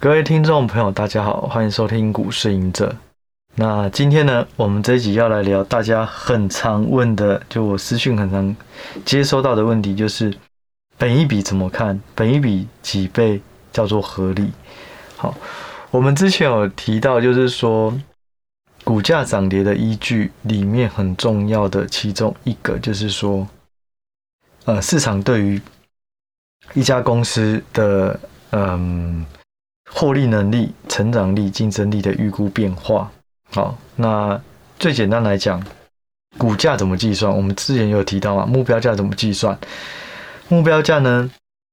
各位聽眾朋友，大家好，歡迎收聽《股市隱者》。那今天呢，我們這一集要來聊大家很常問的，就我私訊很常接收到的問題，就是本益比怎麼看，本益比幾倍叫做合理？好，我們之前有提到，就是說股價漲跌的依據裡面很重要的其中一個，就是說，呃，市場對於一家公司的，嗯。獲利能力、成長力、競爭力的預估變化。好，那最簡單來講，股價怎麼計算？我們之前有提到嘛，目標價怎麼計算？目標價呢，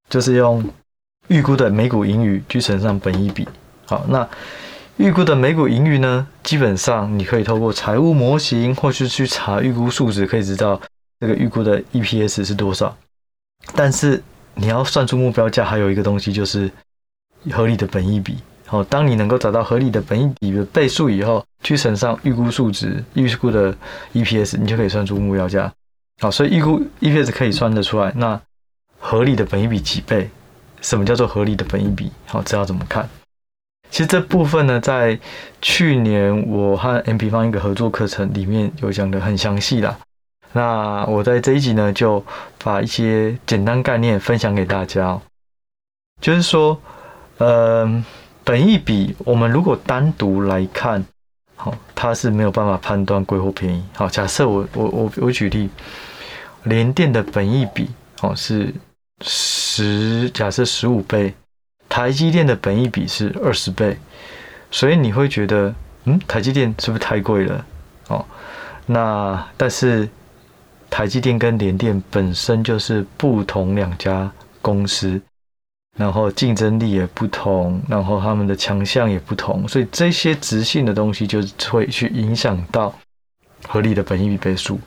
就是用預估的每股盈餘去乘上本益比。好，那預估的每股盈餘呢，基本上你可以透過財務模型，或是去查預估數值，可以知道這個預估的 EPS 是多少。但是你要算出目標價，還有一個東西就是。合理的本益比，好，當你能夠找到合理的本益比的倍數以後，去乘上預估數值、預估的 EPS，你就可以算出目標價。好，所以預估 EPS 可以算得出來。那合理的本益比幾倍？什麼叫做合理的本益比？好，知道怎麼看？其實這部分呢，在去年我和 MP 方一個合作課程裡面有講得很詳細啦。那我在這一集呢，就把一些簡單概念分享給大家，就是說。嗯、呃，本益比，我們如果單獨來看，好，它是沒有辦法判斷貴或便宜。好，假設我我我我舉例，聯電的本益比，哦，是十，假設十五倍，台積電的本益比是二十倍，所以你會覺得，嗯，台積電是不是太貴了？哦，那但是台積電跟聯電本身就是不同兩家公司，然後競爭力也不同，然後他們的強項也不同，所以這些直性的東西就會去影響到合理的本益比倍數。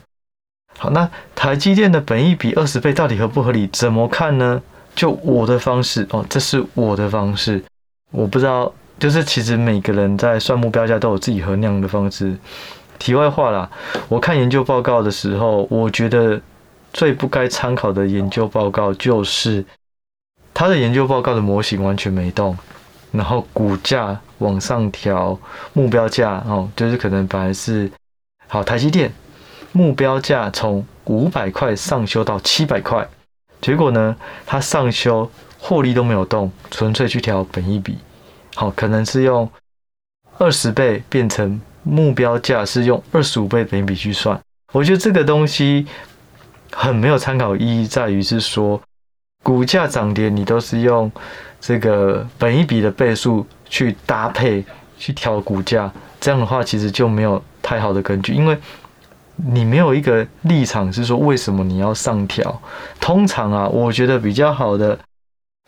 好，那台積電的本益比二十倍到底合不合理？怎麼看呢？就我的方式哦，這是我的方式。我不知道，就是其實每個人在算目標價都有自己衡量的方式。題外話啦，我看研究報告的時候，我覺得最不該參考的研究報告就是。他的研究報告的模型完全沒動，然後股價往上調，目標價哦，就是可能本來是好台積電目標價從五百塊上修到七百塊，結果呢，他上修獲利都沒有動，純粹去調本益比。好、哦、可能是用二十倍變成目標價是用二十五倍本益比去算，我覺得這個東西很沒有參考意義，在於是說。股價漲跌，你都是用這個本益比的倍數去搭配去調股價，這樣的話其實就沒有太好的根據，因為你沒有一個立場是說為什麼你要上調。通常啊，我覺得比較好的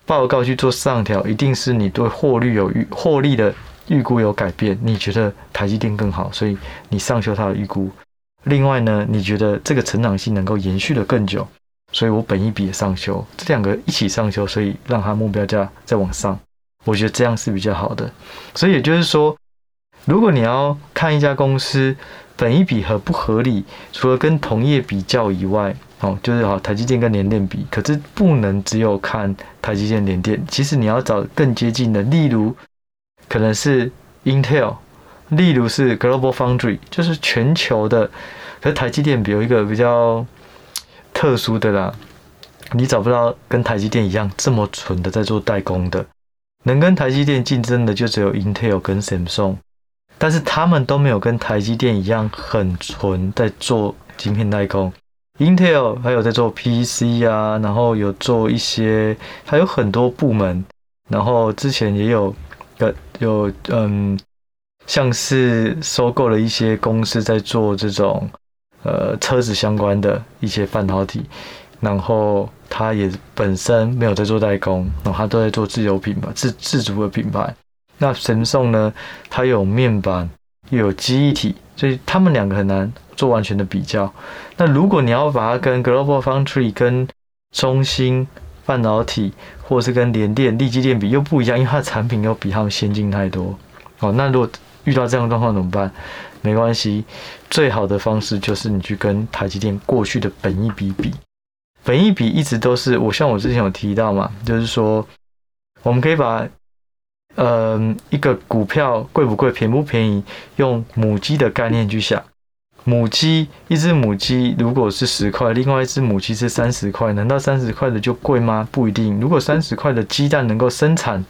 報告去做上調，一定是你對獲利有預獲利的預估有改變，你覺得台積電更好，所以你上修它的預估。另外呢，你覺得這個成長性能夠延續的更久。所以我本益比也上修。這兩個一起上修，所以讓它目標價再往上，我覺得這樣是比較好的。所以也就是說，如果你要看一家公司本益比合不合理，除了跟同業比較以外，哦，就是好台積電跟聯電比，可是不能只有看台積電、聯電，其實你要找更接近的，例如可能是 Intel，例如是 Global Foundry，就是全球的，可是台積電比如一個比較。特殊的啦，你找不到跟台積電一樣這麼純的在做代工的，能跟台積電競爭的就只有 Intel 跟 Samsung，但是他們都沒有跟台積電一樣很純在做晶片代工。Intel 還有在做 PC 啊，然後有做一些，還有很多部門，然後之前也有有，有嗯像是收購了一些公司在做這種。呃，車子相關的一些半導體，然後它也本身沒有在做代工，然後，哦，它都在做自有品牌、自自主的品牌。那 Samsung 呢，它有面板，又有記憶體，所以他們兩個很難做完全的比較。那如果你要把它跟 Global Foundry、跟中芯半導體，或是跟聯電、力積電比，又不一樣，因為它的產品又比他們先進太多。哦，那如果遇到這樣的狀況怎麼辦？沒關係，最好的方式就是你去跟台積電過去的本益比比，本益比一直都是我，像我之前有提到嘛，就是說我們可以把呃、嗯、一個股票貴不貴、便不便宜，用母雞的概念去想。母雞，一只母雞如果是十塊，另外一只母雞是三十塊，難道三十塊的就貴嗎？不一定，如果三十塊的雞蛋能夠生產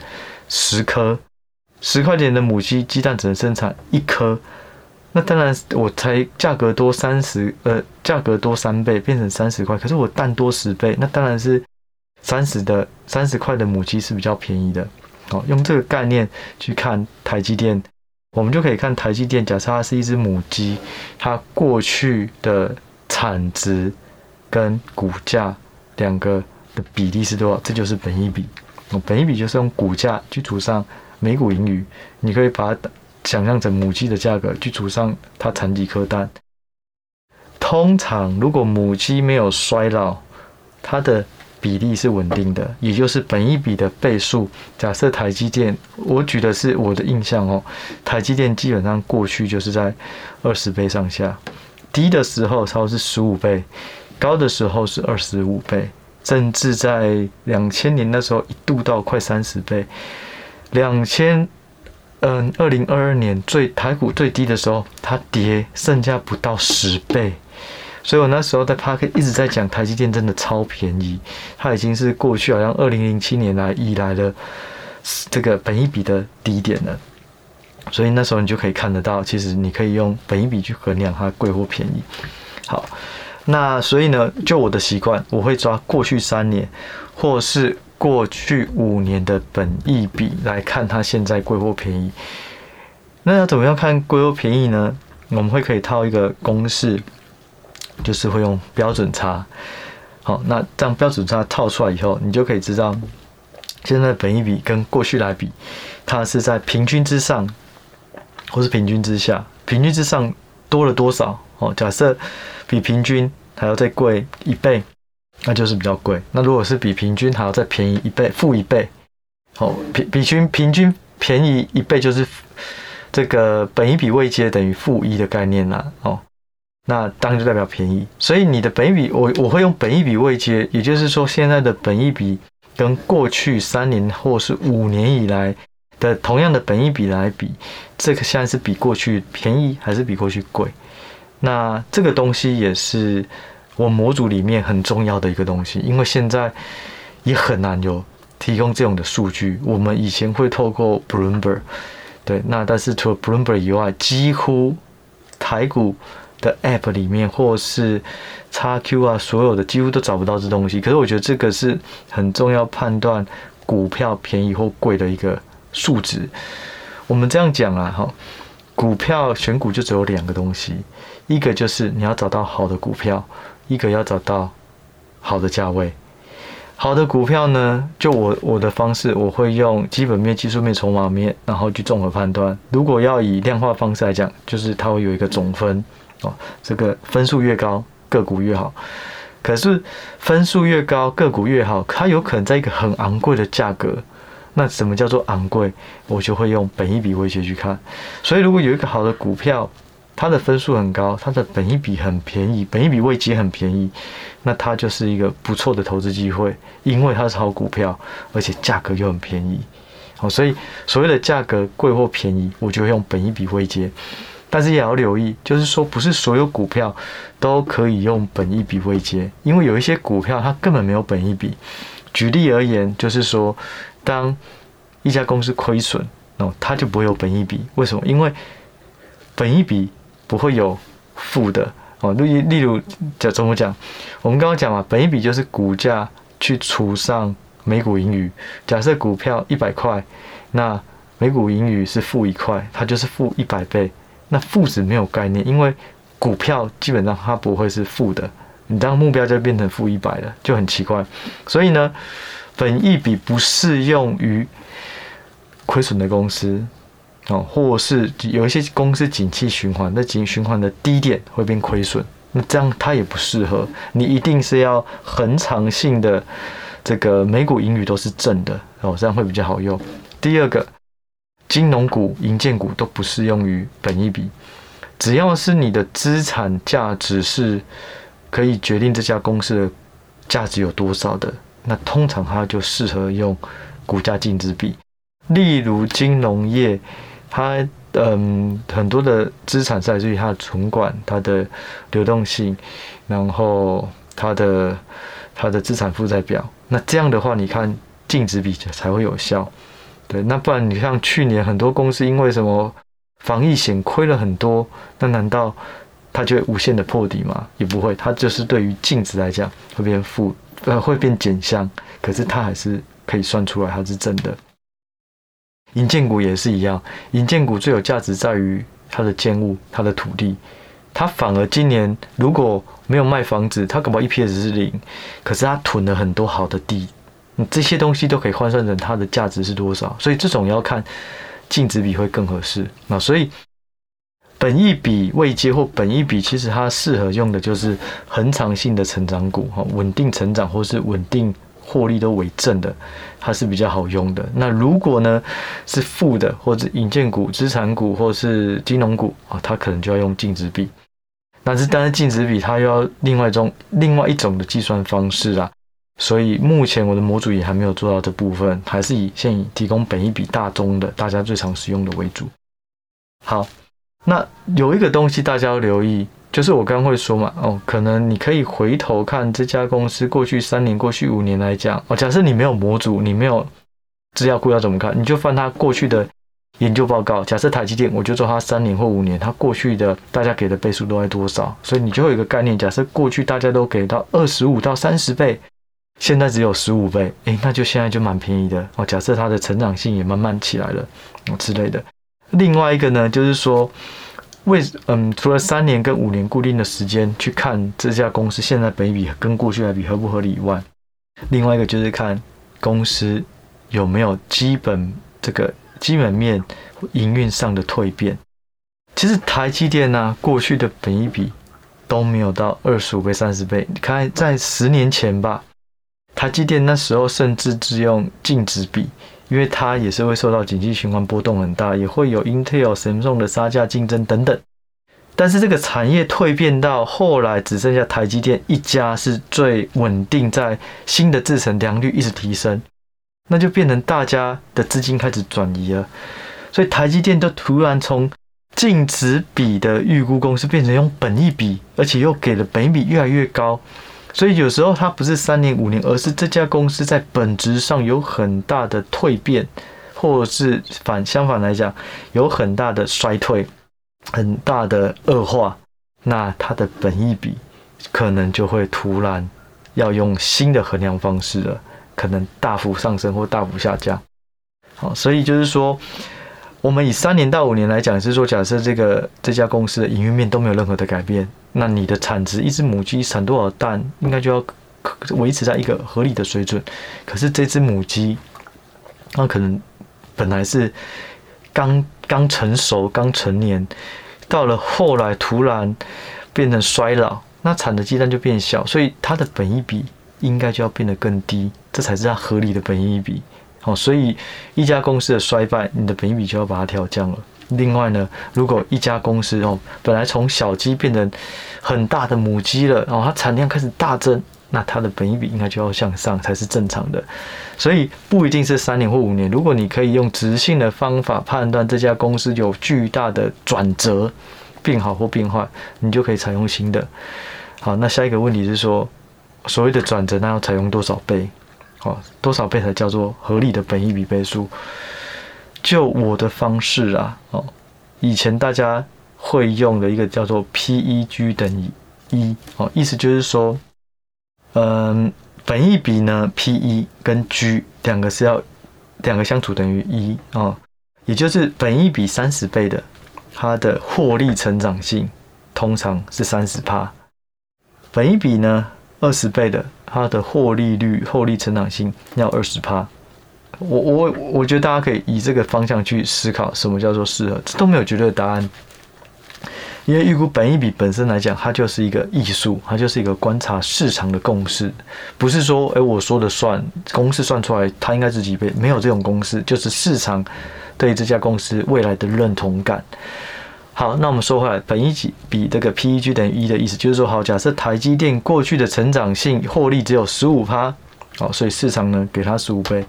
十顆，十塊錢的母雞雞蛋只能生產一顆。那當然我才價格多三十，呃，價格多三倍，變成三十塊，可是我蛋多十倍，那當然是三十的三十塊的母雞是比較便宜的。好、哦，用這個概念去看台積電，我們就可以看台積電，假設它是一隻母雞，它過去的產值跟股價兩個的比例是多少？這就是本益比。哦、本益比就是用組股價去除上每股盈餘，你可以把它。想象著母雞的價格，去除上它產幾顆蛋。通常，如果母雞沒有衰老，它的比例是穩定的，也就是本益比的倍數。假設台積電，我舉的是我的印象哦，台積電基本上過去就是在二十倍上下，低的時候差不多是十五倍，高的時候是二十五倍，甚至在兩千年的時候一度到快三十倍，兩千。嗯，二零二二年最台股最低的時候，它跌剩下不到十倍，所以我那時候在 Park 一直在講台積電真的超便宜，它已經是過去好像二零零七年來以來的這個本益比的低點了，所以那時候你就可以看得到，其實你可以用本益比去衡量它貴或便宜。好，那所以呢，就我的習慣，我會抓過去三年或是。過去五年的本益比來看，它現在貴或便宜？那要怎麼樣看貴或便宜呢？我們會可以套一個公式，就是會用標準差。好，那這樣標準差套出來以後，你就可以知道現在的本益比跟過去來比，它是在平均之上，或是平均之下？平均之上多了多少？哦，假設比平均還要再貴一倍。那就是比較貴。那如果是比平均還要再便宜一倍，負一倍，好、哦，平比均平均便宜一倍，就是這個本益比位階等於負一的概念啦、啊。哦，那當然就代表便宜。所以你的本益比，我我會用本益比位階，也就是說現在的本益比跟過去三年或是五年以來的同樣的本益比來比，這個現在是比過去便宜還是比過去貴？那這個東西也是。我模組裡面很重要的一個東西，因為現在也很難有提供這樣的數據。我們以前會透過 Bloomberg，對，那但是除了 Bloomberg 以外，幾乎台股的 App 裡面或是 XQ 啊，所有的幾乎都找不到這東西。可是我覺得這個是很重要判斷股票便宜或貴的一個數值。我們這樣講啊，哈，股票選股就只有兩個東西，一個就是你要找到好的股票。一個要找到好的價位，好的股票呢，就我我的方式，我會用基本面、技術面、籌碼面，然後去綜合判斷。如果要以量化方式來講，就是它會有一個總分，哦，這個分數越高，個股越好。可是分數越高，個股越好，它有可能在一個很昂貴的價格。那什麼叫做昂貴？我就會用本益比位階去看。所以，如果有一個好的股票，它的分數很高，它的本益比很便宜，本益比位階很便宜，那它就是一個不錯的投資機會，因為它是好股票，而且價格又很便宜。好、哦，所以所謂的價格貴或便宜，我就會用本益比位階，但是也要留意，就是說不是所有股票都可以用本益比位階，因為有一些股票它根本沒有本益比。舉例而言，就是說當一家公司虧損，哦，它就不會有本益比。為什麼？因為本益比。不會有負的哦。例例如，假怎麼講？我們剛剛講嘛，本益比就是股價去除上每股盈餘。假設股票一百塊，那每股盈餘是負一塊，它就是負一百倍。那負值沒有概念，因為股票基本上它不會是負的。你當目標就變成負一百了，就很奇怪。所以呢，本益比不適用於虧損的公司。哦，或是有一些公司景氣循環，那景氣循環的低點會變虧損，那這樣它也不適合。你一定是要恆常性的，這個每股盈餘都是正的哦，這樣會比較好用。第二個，金融股、營建股都不適用於本益比。只要是你的資產價值是可以決定這家公司的價值有多少的，那通常它就適合用股價淨值比，例如金融業。它嗯，很多的資產是來自於它的存款、它的流動性，然後它的它的資產負債表。那這樣的話，你看淨值比才會有效，對。那不然你像去年很多公司因為什麼防疫險虧了很多，那難道它就會無限的破底嗎？也不會，它就是對於淨值來講會變負呃會變減項，可是它還是可以算出來它是正的。營建股也是一樣，營建股最有價值在於它的建物、它的土地，它反而今年如果沒有賣房子，它可能 EPS 是零，可是它囤了很多好的地，這些東西都可以換算成它的價值是多少，所以這種要看淨值比會更合適。那所以本益比位階或本益比其實它適合用的就是恆常性的成長股，哈，穩定成長或是穩定。獲利都為正的，它是比較好用的。那如果呢是負的，或者營建股、資產股，或者是金融股啊、哦，它可能就要用淨值比。但是，但是淨值比它又要另外一種、另外一種的計算方式啊。所以，目前我的模組也還沒有做到這部分，還是以先提供本益比大宗的大家最常使用的為主。好，那有一個東西大家要留意。就是我剛會說嘛，哦，可能你可以回頭看這家公司過去三年、過去五年來講，哦，假設你沒有模組，你沒有資料庫要怎麼看？你就翻它過去的研究報告。假設台積電，我就做它三年或五年，它過去的大家給的倍數都在多少？所以你就會有一個概念。假設過去大家都給到二十五到三十倍，現在只有十五倍，誒，那就現在就蠻便宜的。哦，假設它的成長性也慢慢起來了之類的。另外一個呢，就是說。為嗯，除了三年跟五年固定的時間去看這家公司現在本益比跟過去來比合不合理以外，另外一個就是看公司有沒有基本這個基本面營運上的蛻變。其實台積電呢、啊，過去的本益比都沒有到二十五倍、三十倍。你看在十年前吧，台積電那時候甚至只用淨值比。因為它也是會受到景氣循環波動很大，也會有 Intel、Samsung 的殺價競爭等等。但是這個產業蛻變到後來，只剩下台積電一家是最穩定，在新的制程良率一直提升，那就變成大家的資金開始轉移了。所以台積電就突然從淨值比的預估公司變成用本益比，而且又給了本益比越來越高。所以有時候它不是三年五年，而是這家公司在本質上有很大的蛻變，或者是反相反來講，有很大的衰退、很大的惡化，那它的本益比可能就會突然要用新的衡量方式了，可能大幅上升或大幅下降。好，所以就是說。我們以三年到五年來講，是說假設這個這家公司的營運面都沒有任何的改變，那你的產值，一隻母雞產多少蛋，應該就要維持在一個合理的水準。可是這隻母雞，那可能本來是剛剛成熟、剛成年，到了後來突然變成衰老，那產的雞蛋就變小，所以它的本益比應該就要變得更低，這才是它合理的本益比。哦，所以一家公司的衰敗，你的本益比就要把它調降了。另外呢，如果一家公司哦，本來從小雞變成很大的母雞了，哦，它產量開始大增，那它的本益比應該就要向上才是正常的。所以不一定是三年或五年，如果你可以用直性的方法判斷這家公司有巨大的轉折，變好或變壞，你就可以採用新的。好，那下一個問題是說，所謂的轉折，那要採用多少倍？哦，多少倍才叫做合理的本益比倍數？就我的方式啊，哦，以前大家會用的一個叫做 PEG 等於一，哦，意思就是說，嗯，本益比呢，PE 跟 G 兩個是要兩個相除等於一，哦，也就是本益比三十倍的，它的獲利成長性通常是三十趴，本益比呢二十倍的。它的獲利率、獲利成長性要二十趴，我我我覺得大家可以以這個方向去思考，什麼叫做適合，這都沒有絕對的答案，因為預估本益比本身來講，它就是一個藝術，它就是一個觀察市場的共識，不是說哎、欸、我說了算，公式算出來它應該值幾倍。沒有這種公式，就是市場對這家公司未來的認同感。好，那我們說回來，本益比這個 PEG 等、e、於一的意思，就是說，好，假設台積電過去的成長性獲利只有十五趴，哦，所以市場呢給它十五倍。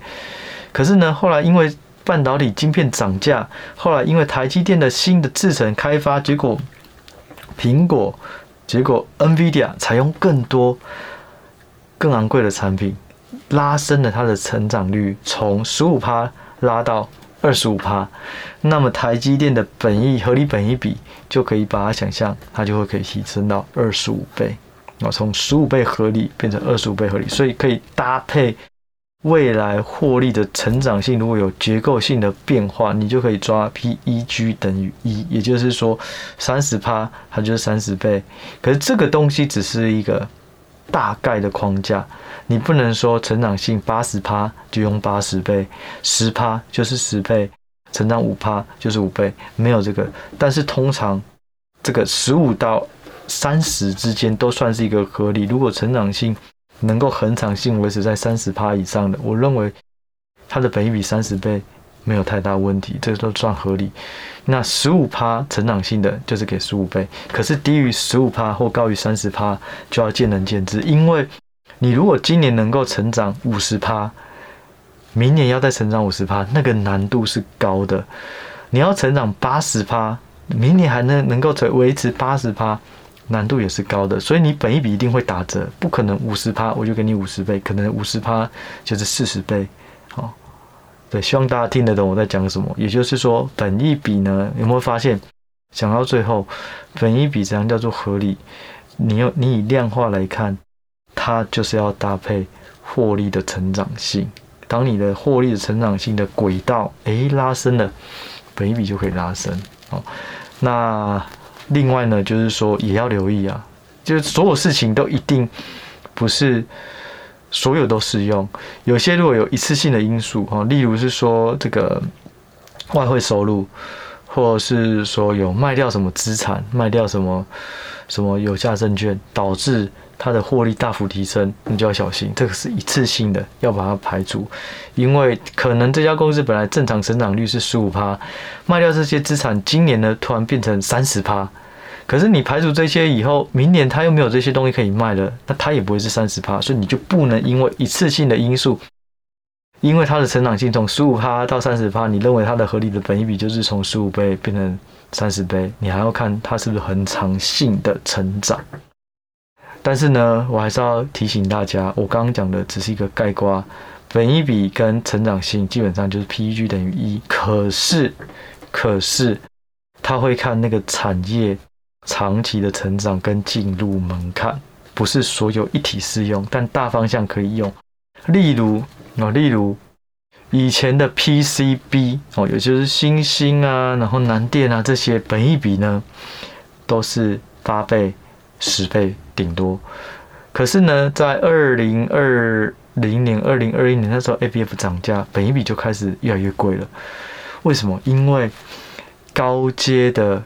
可是呢，後來因為半導體晶片漲價，後來因為台積電的新的制程開發，結果蘋果、結果 NVIDIA 採用更多、更昂貴的產品，拉升了它的成長率15，從十五趴拉到二十五趴，那麼台積電的本益合理本益比，就可以把它想象它就會可以提升到二十五倍，啊，從十五倍合理變成二十五倍合理，所以可以搭配未來獲利的成長性，如果有結構性的變化，你就可以抓 PEG 等於一，也就是說三十趴它就是三十倍，可是這個東西只是一個。大概的框架，你不能說成長性八十趴就用八十倍，十趴就是十倍，成長五趴就是五倍，沒有這個。但是通常這個十五到三十之間都算是一個合理。如果成長性能夠恆常性維持在三十趴以上的，我認為它的本益比30倍比三十倍，沒有太大問題，這都算合理。那十五趴成長性的就是給十五倍，可是低於十五趴或高於三十趴就要見仁見智，因為你如果今年能夠成長五十趴，明年要再成長五十趴，那個難度是高的。你要成長八十趴，明年還能能夠維維持八十趴，難度也是高的。所以你本益比一定會打折，不可能五十趴我就給你五十倍，可能五十趴就是四十倍。對，希望大家聽得懂我在講什麼。也就是說，本益比呢，有沒有發現，講到最後，本益比怎樣叫做合理？你用你以量化來看，它就是要搭配獲利的成長性。當你的獲利的成長性的軌道哎拉伸了，本益比就可以拉伸。哦，那另外呢，就是說也要留意啊，就是所有事情都一定不是。所有都適用，有些如果有一次性的因素，哈，例如是說這個外匯收入，或者是說有賣掉什麼資產，賣掉什麼什麼有價證券，導致它的獲利大幅提升，你就要小心，這個是一次性的，要把它排除，因為可能這家公司本來正常成長率是十五趴，賣掉這些資產，今年呢突然變成三十趴。可是你排除這些以後，明年他又沒有這些東西可以賣了，那他也不會是三十趴，所以你就不能因為一次性的因素，因為它的成長性從十五趴到三十趴，你認為它的合理的本益比就是從十五倍變成三十倍，你還要看它是不是恆常性的成長。但是呢，我還是要提醒大家，我剛剛講的只是一個概括，本益比跟成長性基本上就是 PEG 等於一，可是，可是他會看那個產業。長期的成長跟進入門檻，不是所有一體適用，但大方向可以用。例如，哦，例如以前的 PCB 哦，也就是欣興啊，然後南電啊，這些本益比，本益比呢都是八倍、十倍頂多。可是呢，在二零二零年、二零二一年那時候，ABF 漲價，本益比就開始越來越貴了。為什麼？因為高階的。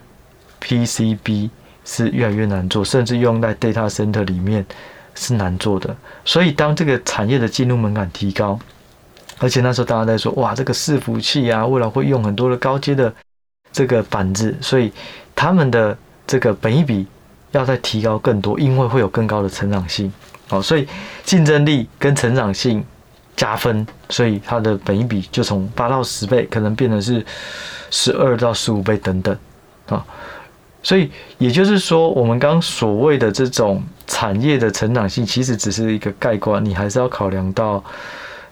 PCB 是越來越難做，甚至用在 data center 裡面是難做的。所以當這個產業的進入門檻提高，而且那時候大家在說，哇，這個伺服器啊，未來會用很多的高階的這個板子，所以他們的這個本益比要再提高更多，因為會有更高的成長性，哦，所以競爭力跟成長性加分，所以它的本益比就從八到十倍，可能變成是十二到十五倍等等，啊。所以也就是說，我們剛所謂的這種產業的成長性，其實只是一個概觀，你還是要考量到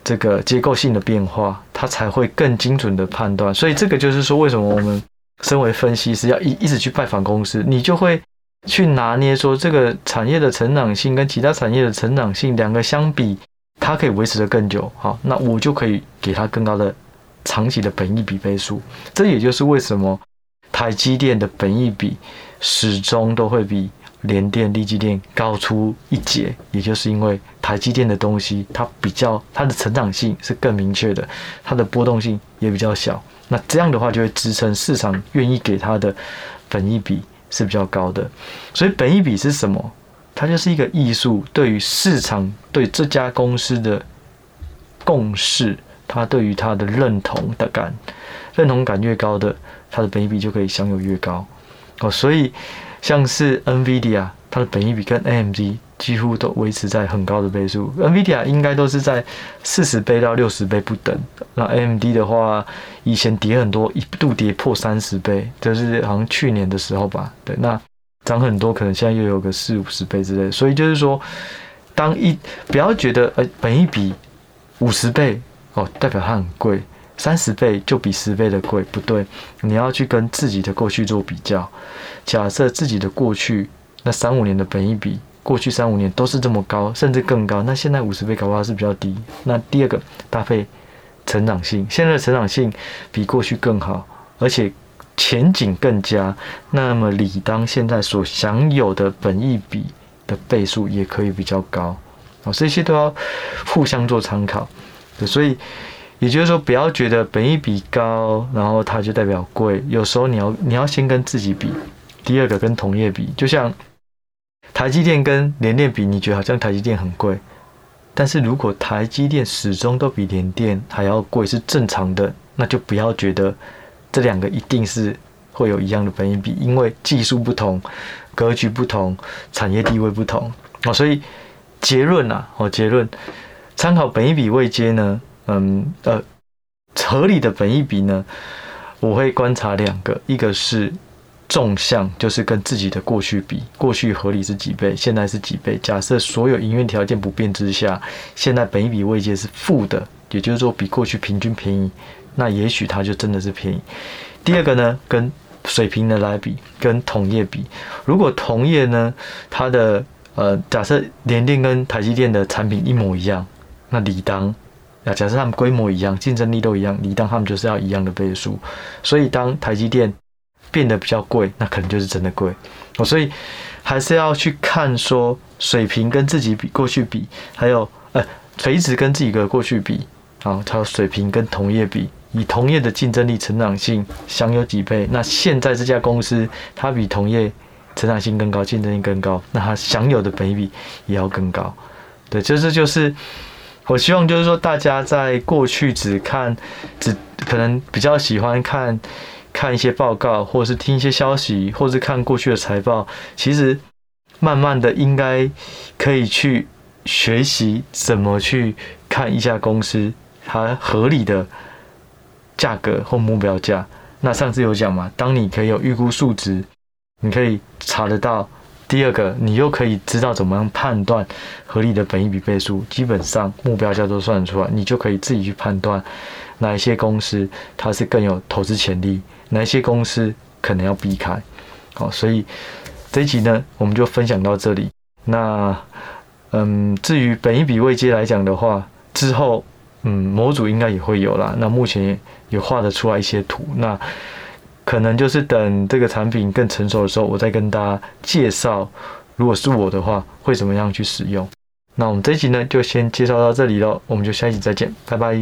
這個結構性的變化，它才會更精準的判斷。所以這個就是說，為什麼我們身為分析師要一一直去拜訪公司，你就會去拿捏說，這個產業的成長性跟其他產業的成長性兩個相比，它可以維持得更久，好，那我就可以給它更高的長期的本益比倍數。這也就是為什麼。台積電的本益比始終都會比聯電、力積電高出一截，也就是因為台積電的東西它比較它的成長性是更明確的，它的波動性也比較小。那這樣的話就會支撐市場願意給它的本益比是比較高的。所以本益比是什麼？它就是一個藝術，對於市場對這家公司的共識，它對於它的認同的感，認同感越高的。它的本益比就可以享有越高哦，所以像是 NVIDIA 它的本益比跟 AMD 幾乎都維持在很高的倍數。NVIDIA 應該都是在四十倍到六十倍不等。那 AMD 的話，以前跌很多，一度跌破三十倍，就是好像去年的時候吧。對，那漲很多，可能現在又有個四五十倍之類。所以就是說，當一不要覺得呃本益比五十倍哦，代表它很貴。三十倍就比十倍的貴，不對。你要去跟自己的過去做比較。假設自己的過去那三五年的本益比，過去三五年都是這麼高，甚至更高，那現在五十倍搞不好是比較低。那第二個搭配成長性，現在的成長性比過去更好，而且前景更佳，那麼理當現在所享有的本益比的倍數也可以比較高。哦，這些都要互相做參考。對，所以。也就是說，不要覺得本益比高，然後它就代表貴。有時候你要你要先跟自己比，第二個跟同業比。就像台積電跟聯電比，你覺得好像台積電很貴，但是如果台積電始終都比聯電還要貴是正常的，那就不要覺得這兩個一定是會有一樣的本益比，因為技術不同、格局不同、產業地位不同啊。所以結論啊，哦，結論參考本益比位階呢。嗯，呃，合理的本益比呢，我會觀察兩個，一個是縱向，就是跟自己的過去比，過去合理是幾倍，現在是幾倍。假設所有營運條件不變之下，現在本益比位階是負的，也就是說比過去平均便宜，那也許它就真的是便宜。第二個呢，跟水平的來比，跟同業比，如果同業呢，它的呃，假設聯電跟台積電的產品一模一樣，那理當。那假設他們規模一樣，競爭力都一樣，你當他們就是要一樣的倍數。所以當台積電變得比較貴，那可能就是真的貴。所以還是要去看說水平跟自己比過去比，還有呃垂直跟自己的過去比。哦，它的水平跟同業比，以同業的競爭力成長性享有幾倍？那現在這家公司它比同業成長性更高，競爭力更高，那它享有的本益比也要更高。對，就是就是。我希望就是說，大家在過去只看、只可能比較喜歡看看一些報告，或者是聽一些消息，或是看過去的財報。其實慢慢的，應該可以去學習怎麼去看一家公司它合理的價格或目標價。那上次有講嘛，當你可以有預估數值，你可以查得到。第二個，你又可以知道怎麼樣判斷合理的本益比倍數，基本上目標價都算得出來，你就可以自己去判斷哪一些公司它是更有投資潛力，哪一些公司可能要避開。好，所以這一集呢，我們就分享到這裡。那，嗯，至於本益比位階來講的話，之後嗯模組應該也會有啦。那目前也畫得出來一些圖。那可能就是等這個產品更成熟的時候，我再跟大家介紹。如果是我的話，會怎麼樣去使用？那我們這一集呢，就先介紹到這裡嘍。我們就下一集再見，拜拜。